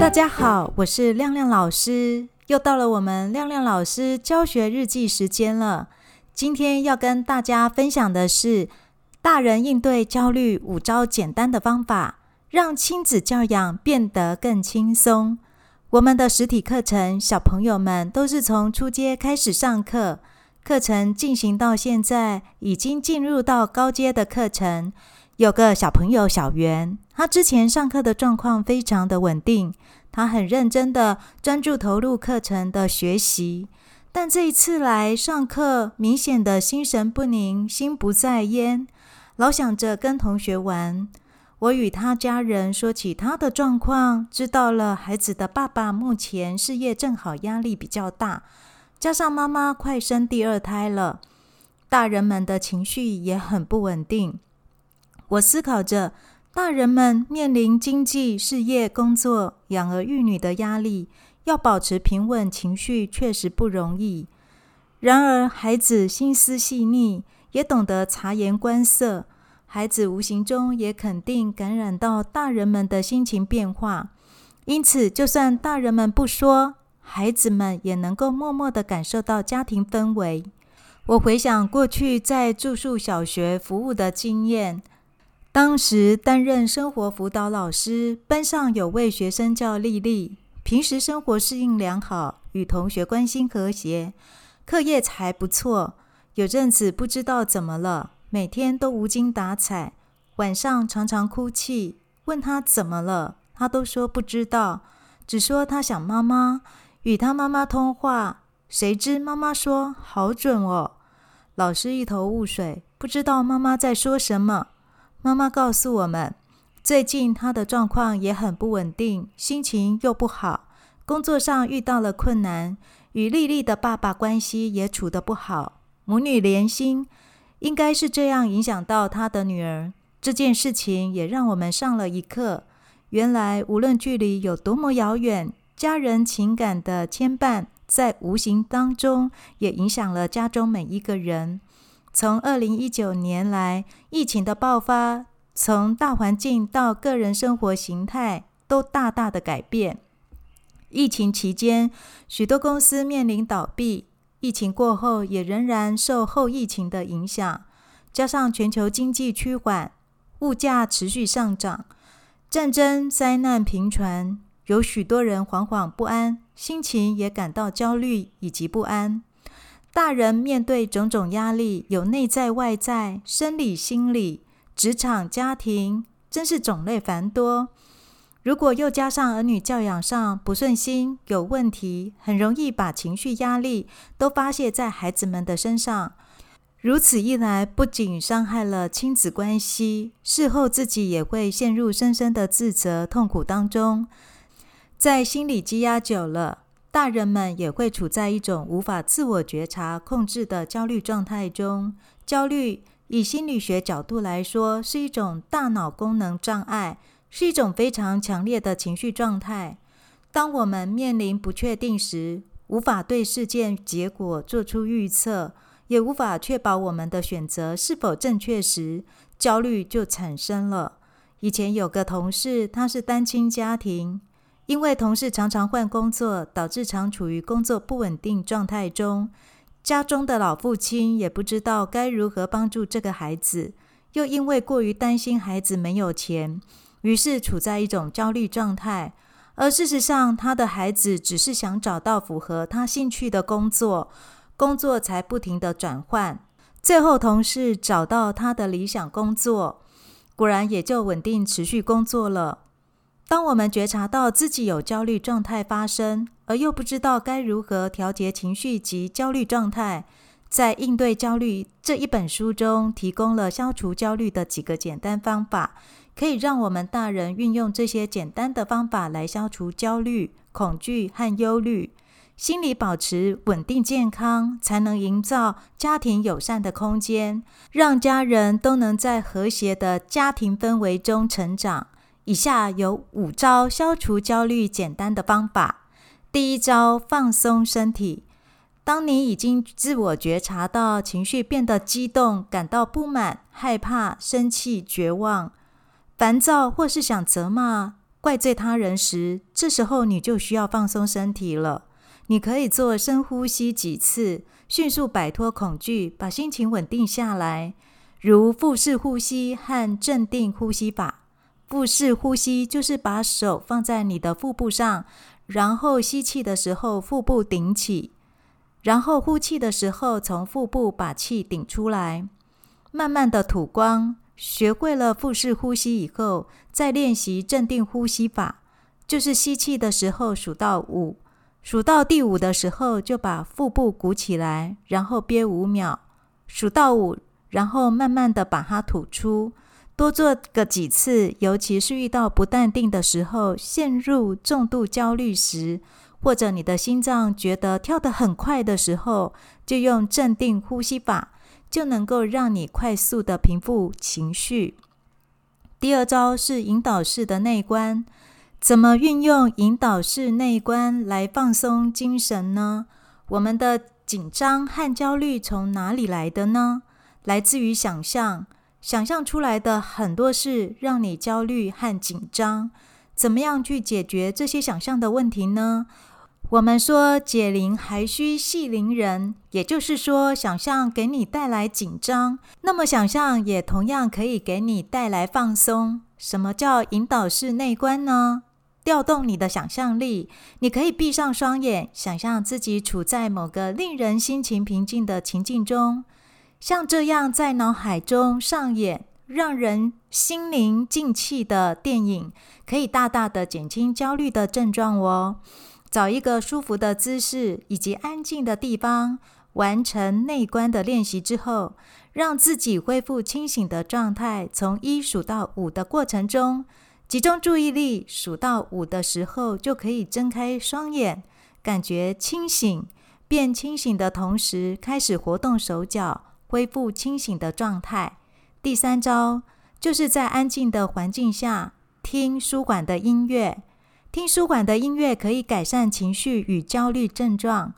大家好，我是亮亮老師，又到了我們亮亮老師教學日記時間了。今天要跟大家分享的是，大人應對焦慮五招簡單的方法，讓親子教養變得更輕鬆。我們的實體課程，小朋友們都是從初階開始上課，課程進行到現在，已經進入到高階的課程。有個小朋友小圓，他之前上課的狀況非常的穩定，他很認真的專注投入課程的學習。但這一次來上課，明顯的心神不寧，心不在焉，老想着跟同學玩。我與他家人說起他的狀況，知道了孩子的爸爸目前事業正好壓力比較大，加上媽媽快生第二胎了，大人們的情緒也很不穩定。我思考着，大人們面臨經濟、事業、工作、養兒育女的壓力，要保持平穩情緒確實不容易。然而，孩子心思細膩，也懂得察言觀色。孩子無形中也肯定感染到大人們的心情變化。因此，就算大人們不說，孩子們也能夠默默地感受到家庭氛圍。我回想過去在住宿小學服務的經驗。當時擔任生活輔導老師，班上有位學生叫麗麗，平時生活適應良好，與同學關係和諧，課業還不錯。有陣子不知道怎麼了，每天都無精打采，晚上常常哭泣。問他怎麼了，他都說不知道，只說他想媽媽。與他媽媽通話，誰知媽媽說好準哦。老師一頭霧水，不知道媽媽在說什麼。媽媽告訴我們，最近她的狀況也很不穩定，心情又不好，工作上遇到了困難，與麗麗的爸爸關係也處得不好。母女連心，應該是這樣影響到她的女兒。這件事情也讓我們上了一課。原來無論距離有多麼遙遠，家人情感的牽絆，在無形當中也影響了家中每一個人。從二零一九年來，疫情的爆發，從大環境到個人生活形態都大大的改變。疫情期間，許多公司面臨倒閉；疫情過後，也仍然受後疫情的影響。加上全球經濟趨緩，物價持續上漲，戰爭、災難頻傳，有許多人惶惶不安，心情也感到焦慮以及不安。大人面對種種壓力，有內在外在，生理心理，職場家庭，真是種類繁多。如果又加上兒女教養上不順心，有問題，很容易把情緒壓力都發洩在孩子們的身上。如此一來，不僅傷害了親子關係，事後自己也會陷入深深的自責痛苦當中。在心裡積壓久了，大人們也會處在一種無法自我覺察、控制的焦慮狀態中。焦慮以心理學角度來說，是一種大腦功能障礙，是一種非常強烈的情緒狀態。當我們面臨不確定時，無法對事件結果做出預測，也無法確保我們的選擇是否正確時，焦慮就產生了。以前有個同事，他是單親家庭。因為同事常常換工作，導致常處於工作不穩定狀態中。家中的老父親也不知道該如何幫助這個孩子，又因為過於擔心孩子沒有錢，於是處在一種焦慮狀態。而事實上，他的孩子只是想找到符合他興趣的工作，工作才不停地轉換。最後，同事找到他的理想工作，果然也就穩定持續工作了。當我們覺察到自己有焦慮狀態發生，而又不知道該如何調節情緒及焦慮狀態，在應對焦慮這一本書中提供了消除焦慮的幾個簡單方法，可以讓我們大人運用這些簡單的方法來消除焦慮、恐懼和憂慮，心理保持穩定健康，才能營造家庭友善的空間，讓家人都能在和諧的家庭氛圍中成長。以下有五招消除焦慮簡單的方法。第一招：放鬆身體。當你已經自我覺察到情緒變得激動、感到不滿、害怕、生氣、絕望、煩躁，或是想責罵、怪罪他人時，這時候你就需要放鬆身體了。你可以做深呼吸幾次，迅速擺脫恐懼，把心情穩定下來，如腹式呼吸和鎮定呼吸法。腹式呼吸就是把手放在你的腹部上，然後吸氣的時候腹部頂起，然後呼氣的時候從腹部把氣頂出來，慢慢的吐光。學會了腹式呼吸以後，再練習鎮定呼吸法，就是吸氣的時候數到五，數到第五的時候就把腹部鼓起來，然後憋五秒，數到五，然後慢慢的把它吐出。多做個幾次，尤其是遇到不淡定的時候，陷入重度焦慮時，或者你的心臟覺得跳得很快的時候，就用鎮定呼吸法，就能夠讓你快速地平復情緒。第二招是引導式的內觀，怎麼運用引導式內觀來放鬆精神呢？我們的緊張和焦慮從哪裡來的呢？來自於想象。想象出來的很多事讓你焦慮和緊張，怎麼樣去解決這些想象的問題呢？我們說解鈴還須繫鈴人，也就是說，想象給你帶來緊張，那麼想象也同樣可以給你帶來放鬆。什麼叫引導式內觀呢？調動你的想象力，你可以閉上雙眼，想象自己處在某個令人心情平靜的情境中。像這樣在腦海中上演讓人心靈靜氣的電影，可以大大的減輕焦慮的症狀哦。找一個舒服的姿勢以及安靜的地方，完成內觀的練習之後，讓自己恢復清醒的狀態。從一數到五的過程中，集中注意力，數到五的時候就可以睜開雙眼，感覺清醒。變清醒的同時，開始活動手腳。恢復清醒的狀態。第三招就是在安靜的環境下聽舒緩的音樂。聽舒緩的音樂可以改善情緒與焦慮症狀。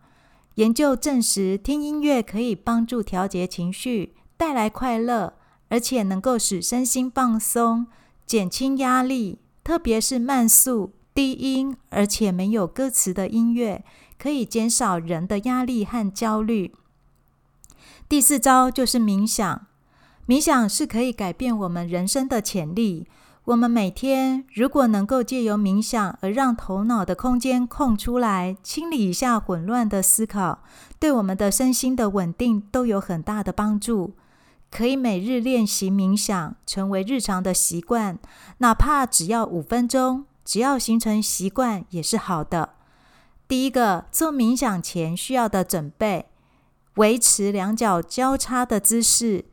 研究證實，聽音樂可以幫助調節情緒，帶來快樂，而且能夠使身心放鬆，減輕壓力。特別是慢速、低音，而且沒有歌詞的音樂，可以減少人的壓力和焦慮。第四招就是冥想，冥想是可以改變我們人生的潛力。我們每天如果能夠借由冥想而讓頭腦的空間空出來，清理一下混亂的思考，對我們的身心的穩定都有很大的幫助。可以每日練習冥想，成為日常的習慣，哪怕只要五分鐘，只要形成習慣也是好的。第一個，做冥想前需要的準備。維持兩腳交叉的姿勢，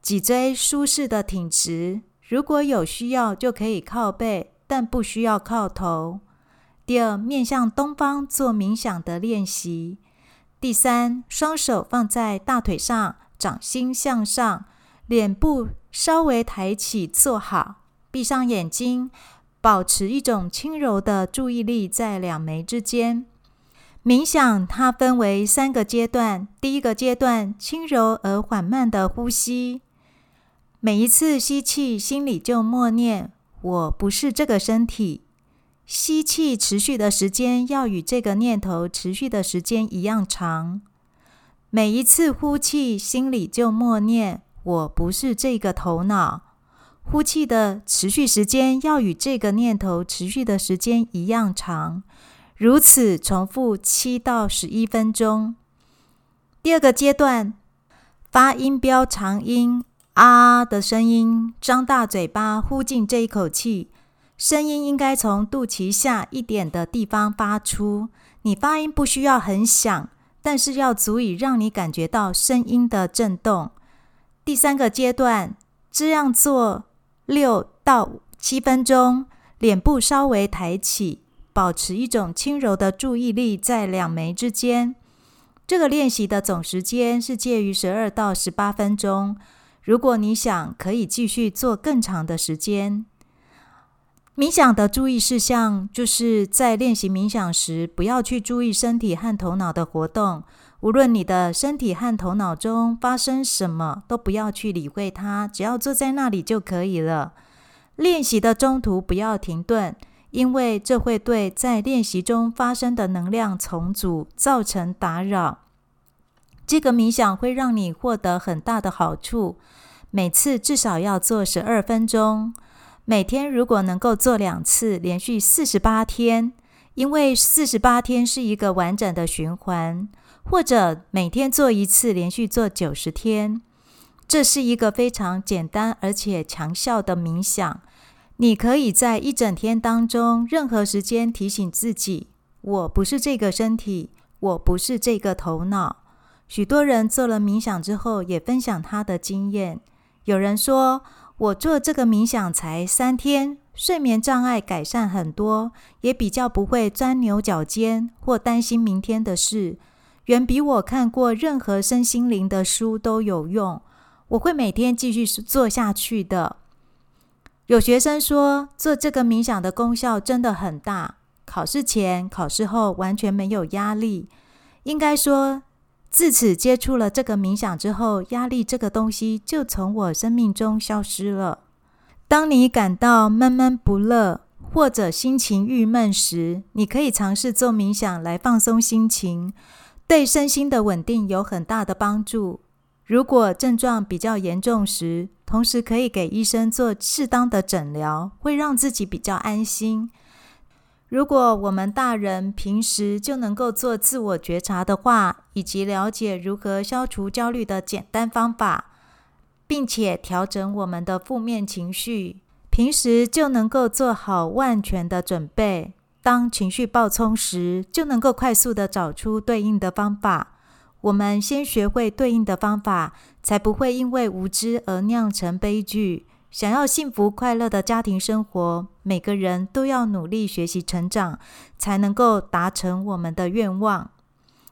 脊椎舒適的挺直。如果有需要，就可以靠背，但不需要靠頭。第二，面向東方做冥想的練習。第三，雙手放在大腿上，掌心向上，臉部稍微抬起，坐好，閉上眼睛，保持一種輕柔的注意力在兩眉之間。冥想它分為三個階段。第一個階段，輕柔而緩慢的呼吸。每一次吸氣，心裡就默念“我不是這個身體”。吸氣持續的時間要與這個念頭持續的時間一樣長。每一次呼氣，心裡就默念“我不是這個頭腦”。呼氣的持續時間要與這個念頭持續的時間一樣長。如此重複七到十一分鐘。第二個階段，發音標長音“啊啊”的聲音，張大嘴巴呼進這一口氣，聲音應該從肚臍下一點的地方發出。你發音不需要很響，但是要足以讓你感覺到聲音的震動。第三個階段，這樣做六到七分鐘，臉部稍微抬起。保持一種輕柔的注意力在兩眉之間。這個練習的總時間是介於十二到十八分鐘。如果你想，可以繼續做更長的時間。冥想的注意事項就是在練習冥想時，不要去注意身體和頭腦的活動。無論你的身體和頭腦中發生什麼，都不要去理會它，只要坐在那裡就可以了。練習的中途不要停頓。因為這會對在練習中發生的能量重組造成打擾。這個冥想會讓你獲得很大的好處。每次至少要做十二分鐘，每天如果能夠做兩次，連續四十八天，因為四十八天是一個完整的循環，或者每天做一次，連續做九十天，這是一個非常簡單而且強效的冥想。你可以在一整天當中，任何時間提醒自己：我不是這個身體，我不是這個頭腦。許多人做了冥想之後，也分享他的經驗。有人說：我做這個冥想才三天，睡眠障礙改善很多，也比較不會鑽牛角尖或擔心明天的事，遠比我看過任何身心靈的書都有用。我會每天繼續做下去的。有學生說，做這個冥想的功效真的很大。考試前、考試後完全沒有壓力。應該說，自此接觸了這個冥想之後，壓力這個東西就從我生命中消失了。當你感到悶悶不樂或者心情鬱悶時，你可以嘗試做冥想來放鬆心情，對身心的穩定有很大的幫助。如果症狀比較嚴重時，同時可以給醫生做適當的診療，會讓自己比較安心。如果我們大人平時就能夠做自我覺察的話，以及了解如何消除焦慮的簡單方法，並且調整我們的負面情緒，平時就能夠做好萬全的準備，當情緒爆衝時，就能夠快速的找出對應的方法。我們先學會對應的方法，才不會因為無知而釀成悲劇。想要幸福快樂的家庭生活，每個人都要努力學習成長，才能夠達成我們的願望。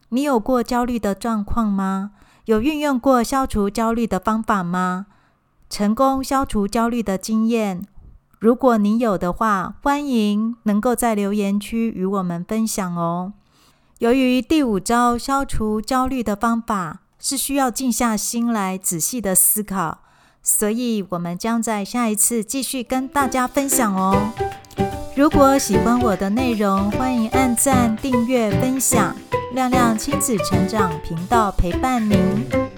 你有過焦慮的狀況嗎？有運用過消除焦慮的方法嗎？成功消除焦慮的經驗，如果你有的話，歡迎能夠在留言區與我們分享哦。由於第五招消除焦慮的方法是需要靜下心來仔細的思考，所以我們將在下一次繼續跟大家分享哦。如果喜歡我的內容，歡迎按贊、訂閱、分享，亮亮親子成長頻道陪伴您。